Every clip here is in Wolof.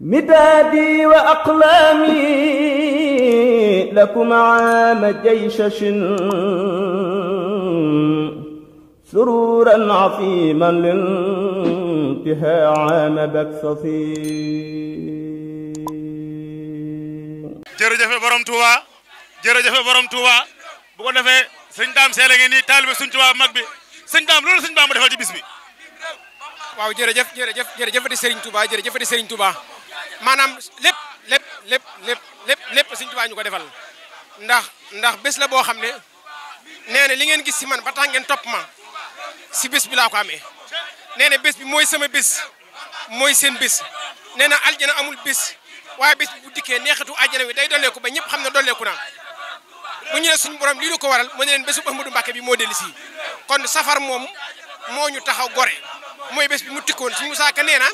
مدادي وأقلامي لكم عام جيشش سرورا عظيما لانتهاء عام بكسفي جرجف برم توبا جرجف برم توبا بقول لفه سنجام سيلغيني طالب سنجوا مكبي سنجام لول سنجام دفال دي واو جرجف جرجف جرجف دي سيرن توبا جرجف دي سيرن توبا maanaam lépp lépp lépp lépp lépp lépp Sëñ Tuubaa ñu ko defal ndax ndax bés la boo xam ne nee na li ngeen gis si man ba tàngeen ngeen topp ma si bés bi laa ko amee nee bés bi mooy sama bés mooy seen bés nee na aljana amul bés waaye bés bi bu dikkee neexatu aljana wi day dolleeku ba ñëpp xam ne dolleeku na bu ñu ne suñu borom lii lu ko waral mu ne leen bésu Ahmadou bi moo dellu si kon safar moom moo ñu taxaw gore mooy bés bi mu tikkoon suñu musaaka nee na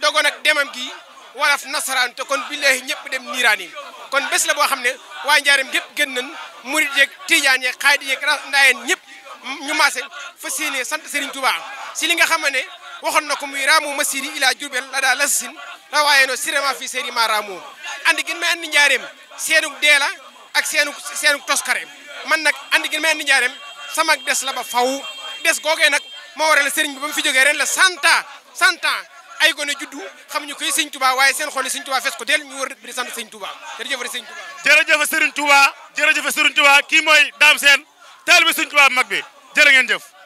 dogoon ak demam gi wolof nasaraan te kon billaahi ñëpp dem niiraan yi kon bés la boo xam ne waa njaareem gépp gën nañ murit yeeg tijaan yeeg xaayit yeeg ndaayeen ñëpp ñu maase fa séenee sant Serigne Touba si li nga xam ne waxoon na ko muy raamu masiri ila Jurbel la daa lasisin rawaaye no sirema fii séeri ma raamu andi gën may andi njaareem seenuk deela ak seenuk seenuk toskare man nag andi gën may andi njaareem samak des la ba faw des googee nag moo waral sëriñ bi ba mu jógee ren la cent ans cent ans ay gone juddu xamuñu koy sëñ Touba waaye seen xol sëñ Touba fees ko del ñu wër di sant sëñ Touba jërëjëf sëñ Touba jërëjëf sëriñ Touba jërëjëf sëriñ Touba kii mooy Dame Sène taalibe sëñ Touba mag bi jërë ngeen jëf